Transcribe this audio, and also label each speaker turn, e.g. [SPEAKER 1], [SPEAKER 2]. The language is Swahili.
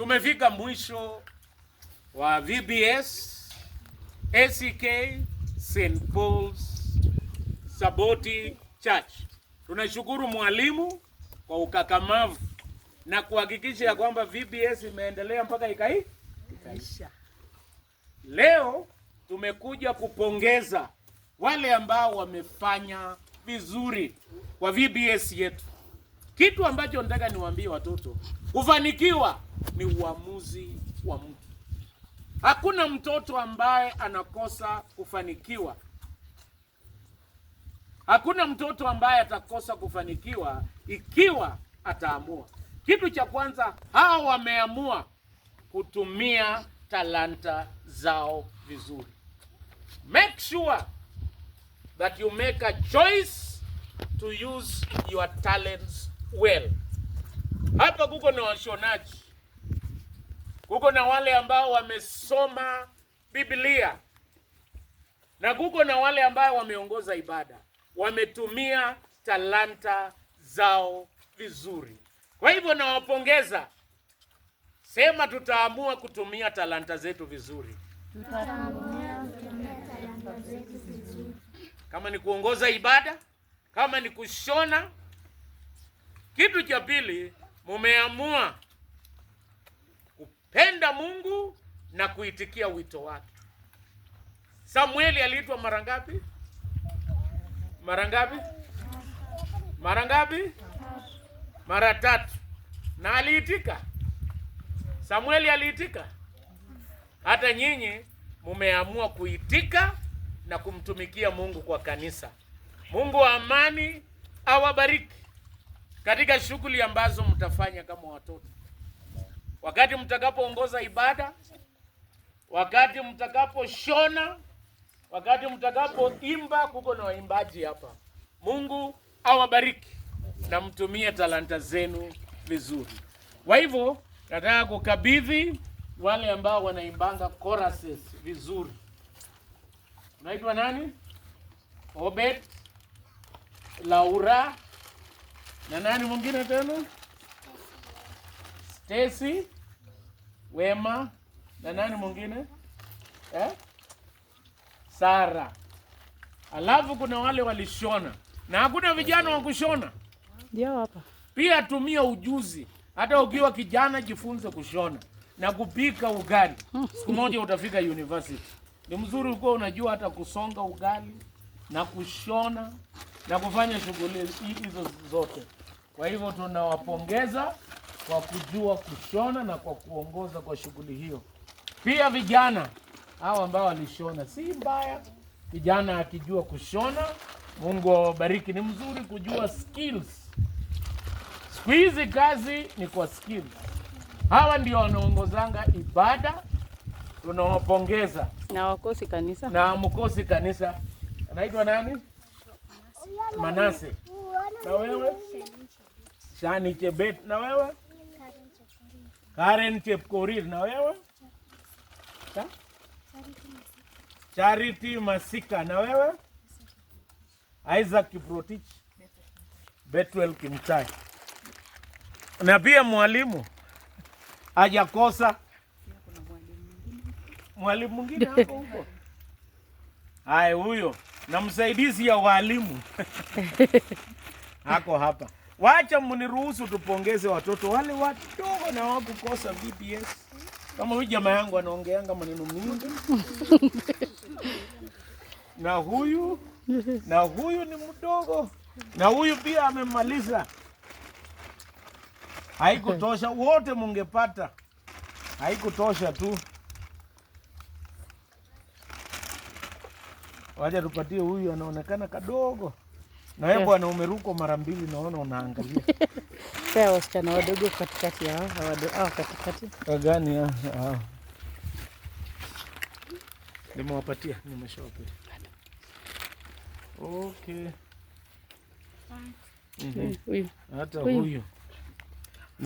[SPEAKER 1] Tumefika mwisho wa VBS ACK St. Paul's Saboti Church. Tunashukuru mwalimu kwa ukakamavu na kuhakikisha ya kwamba VBS imeendelea mpaka ikai ikaisha Leo tumekuja kupongeza wale ambao wamefanya vizuri kwa VBS yetu. Kitu ambacho nataka niwaambie watoto, kufanikiwa ni uamuzi wa mtu. Hakuna mtoto ambaye anakosa kufanikiwa, hakuna mtoto ambaye atakosa kufanikiwa ikiwa ataamua. Kitu cha kwanza, hawa wameamua kutumia talanta zao vizuri. Make sure that you make a choice to use your talents well. Hapa kuko na washonaji kuko na wale ambao wamesoma Biblia na kuko na wale ambao wameongoza ibada, wametumia talanta zao vizuri. Kwa hivyo nawapongeza, sema tutaamua kutumia talanta zetu vizuri. Tutaamua kutumia talanta zetu vizuri, kama ni kuongoza ibada, kama ni kushona. Kitu cha pili mumeamua Penda Mungu na kuitikia wito wake. Samueli aliitwa mara ngapi? Mara ngapi? Mara ngapi? Mara tatu. Na aliitika. Samueli aliitika. Hata nyinyi mumeamua kuitika na kumtumikia Mungu kwa kanisa. Mungu wa amani awabariki katika shughuli ambazo mtafanya kama watoto wakati mtakapoongoza ibada, wakati mtakaposhona, wakati mtakapoimba. Kuko na waimbaji hapa. Mungu awabariki na mtumie talanta zenu vizuri. Kwa hivyo nataka kukabidhi wale ambao wanaimbanga choruses vizuri. Unaitwa nani? Obet, Laura na nani mwingine tena? tesi Wema na nani mwingine eh? Sara. Alafu kuna wale walishona na hakuna vijana wa kushona. Ndio hapa. Pia tumia ujuzi, hata ukiwa kijana jifunze kushona na kupika ugali, siku moja utafika university. Ni mzuri uko unajua hata kusonga ugali na kushona na kufanya shughuli hizo zote. Kwa hivyo tunawapongeza kwa kujua kushona na kwa kuongoza kwa shughuli hiyo. Pia vijana hao ambao walishona si mbaya, vijana akijua kushona, Mungu awabariki. Ni mzuri kujua skills. Siku hizi kazi ni kwa skills. Hawa ndio wanaongozanga ibada, tunawapongeza
[SPEAKER 2] na wakosi kanisa,
[SPEAKER 1] na mkosi kanisa anaitwa nani? Manase. Na wewe Shani Chebet, na wewe Karen Chepkorir na wewe? Ta? Charity Masika na wewe? Isaac Kiprotich. Betwel Kimtai. Na pia mwalimu hajakosa. Mwalimu mwingine hapo huko. Hai, huyo na msaidizi ya walimu. Hako hapa. Wacha mniruhusu tupongeze watoto wale wadogo na wakukosa vps Kama huyu jamaa yangu anaongeanga maneno mingi na huyu na huyu ni mdogo na huyu pia amemaliza, haikutosha. Wote mungepata, haikutosha tu. Wacha tupatie huyu, anaonekana kadogo na wewe bwana umeruka mara mbili, naona unaangalia
[SPEAKER 2] sasa. wasichana wadogo katikati yao hao katikati
[SPEAKER 1] ah, gani? Hao ah, ah. nimewapatia, nimeshawapatia. Okay, mhm. hata huyu